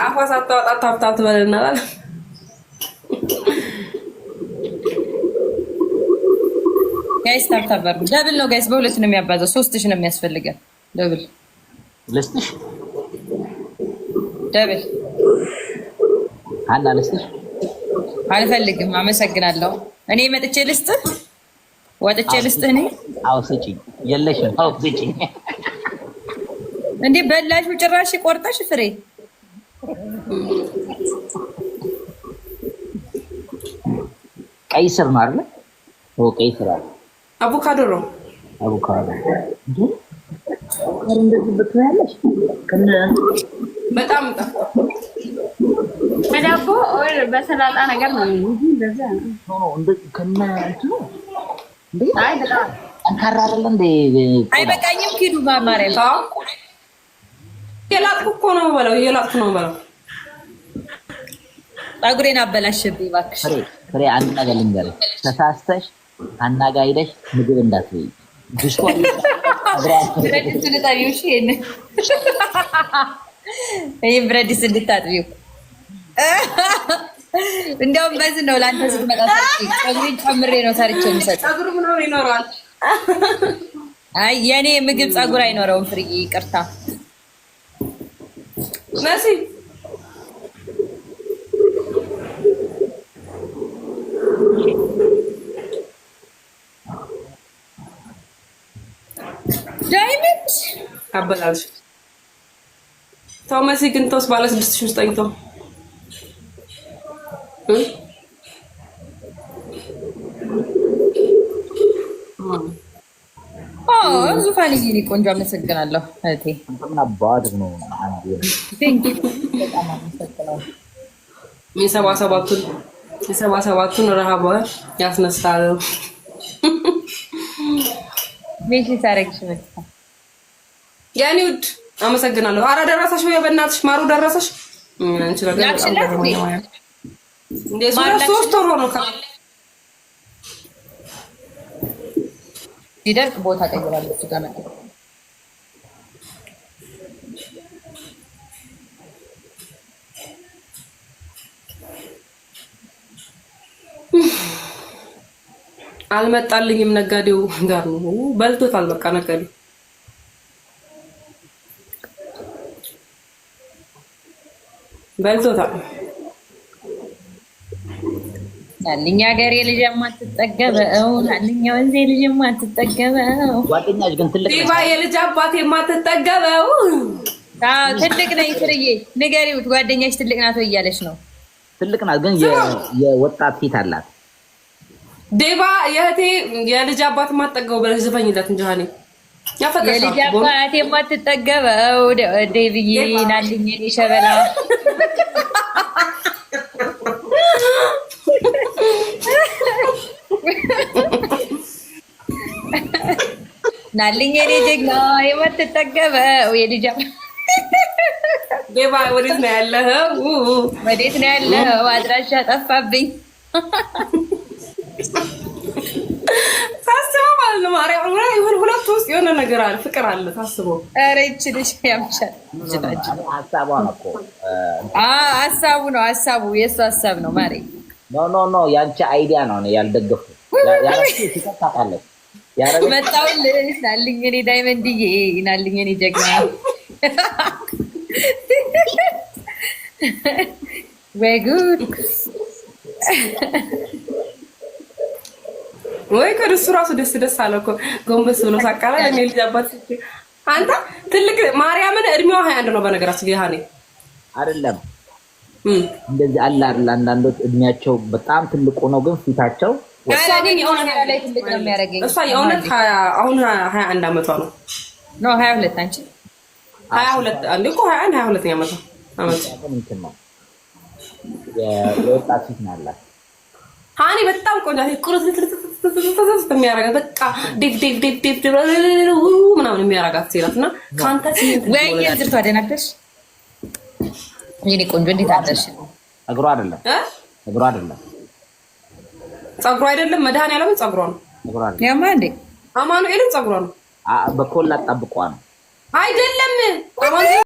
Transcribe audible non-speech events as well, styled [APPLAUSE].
ከአፏ ሳታወጣ ታፍታ ትበለናል። ጋይስ ታብታበር ደብል ነው ጋይስ፣ በሁለት ነው የሚያባዛው። ሶስት ሺህ ነው የሚያስፈልገን ደብል ልስጥሽ፣ ደብል አላ ልስጥሽ። አልፈልግም፣ አመሰግናለሁ። እኔ መጥቼ ልስጥ፣ ወጥቼ ልስጥ። እኔ አዎ ስጪኝ፣ የለሽም። አዎ ስጪኝ። እንዴ በላሹ ጭራሽ ቆርጠሽ ፍሬ ቀይ ስር ነው አይደለ? ቀይ ስር አለ። አቮካዶ ነው። አቮካዶ በጣም በዳቦ በሰላጣ ነገር ነው። ጠንካራ አይደለም። አይበቃኝም። ኪዱ ማማሪያ የላጥኩ እኮ ነው በለው፣ የላጥኩ ነው በለው ጸጉሬን አበላሽብኝ እባክሽ። ፍሬ አንድ ነገር ልንገርሽ፣ ተሳስተሽ አናጋ ምግብ እንዳትበይ። [LAUGHS] ብረት እንድታጥቢው፣ ብረት ድስት እንድታጥቢው። እንደውም በዚህ ነው ለአንተ ስትመጣ ጸጉሬን ጨምሬ ነው ሰርቼ የምሰጥ። ጸጉር ይኖረዋል? አይ የእኔ ምግብ ጸጉር አይኖረውም። ፍርዬ ይቅርታ መሲ ዳይመንድ አበላልሽ ተው መሲ ግን ተውስ ባለ ስድስት ሺህ ውስጠኝ ተው ዙፋን ይኔ ቆንጆ አመሰግናለሁ እህቴ ነው የሰባ ሰባቱን የሰባ ሰባቱን ረሃብ ያስነሳል ሜሽ ታረግሽ መጣ የኔ ውድ አመሰግናለሁ። አረ ደረሰሽ ወይ? በእናትሽ ማሩ ደረሰሽ? ሶስት ወር ሆኖ ሲደርቅ ቦታ ቀይራለች። አልመጣልኝም። ነጋዴው ጋር ነው በልቶታል። በቃ ነጋዴው በልቶታል። አልኝ ሀገሬ ልጅ የማትጠገበው አልኝ ወንዜ ልጅ የማትጠገበው ጓደኛሽ ግን ትልቅ ነው። የልጅ አባት የማትጠገበው ትልቅ ነው። ይትርዬ ንገሪው፣ ጓደኛሽ ትልቅ ናት እያለች ነው። ትልቅ ናት ግን የወጣት ፊት አላት። ዴባ የእህቴ የልጅ አባት የማትጠገበው ብለሽ ዝፈኝላት እንጂ ሀኒ ያፈቀሻል። የልጅ አባት የማትጠገበው ዴብዬ ናልኝ ሸበላ ናልኝ የኔ ጀግና የምትጠገበው የልጃ ቤባ ወዴት ነው ያለኸው? ወዴት ነው ያለኸው? አድራሻ ጠፋብኝ። ታስበው ማለት ነው ማርያም ይሁን ሁለቱ ውስጥ የሆነ ነገር አለ፣ ፍቅር አለ። ታስበው ኧረ ይህች ልጅ ያምሻል። ሀሳቡ ነው ሀሳቡ የእሱ ሀሳብ ነው ማርያም። ኖ ኖ ኖ ያንቺ አይዲያ ነው ያልደገፍኩት። ያለ ታውቃለች መጣሁልሽ ናልኝ ዳይመንድዬ ናልኝ እኔ ጀግና ወይ ጉድ ወይ ራሱ ደስ ደስ አለ እኮ ጎንበስ ብሎ ሳቃላ እኔ ልጅ አባት አንተ ትልቅ ማርያምን እድሜዋ ሀያ አንድ ነው በነገራችን ጌሃኔ አይደለም እንደዚህ አለ አይደል? አንዳንዶች እድሜያቸው በጣም ትልቁ ነው፣ ግን ፊታቸው እሷ የእውነት አሁን ሁለት ሁለት በጣም ቆንጆ ቁርት ልትልትልትልት የሚያረጋት በቃ ዴቭ ምናምን የሚያረጋት ሴላት እና ከአንተ ወይ ዝርቷ ደናደሽ የኔ ቆንጆ እንዴት አለሽ? እግሩ አይደለም እግሩ አይደለም ጸጉሩ አይደለም መድኃኒዓለም ጸጉሯ ነው። ያማ እንዴ አማኑኤልን ጸጉሯ ነው። በኮላ ጠብቋ ነው አይደለም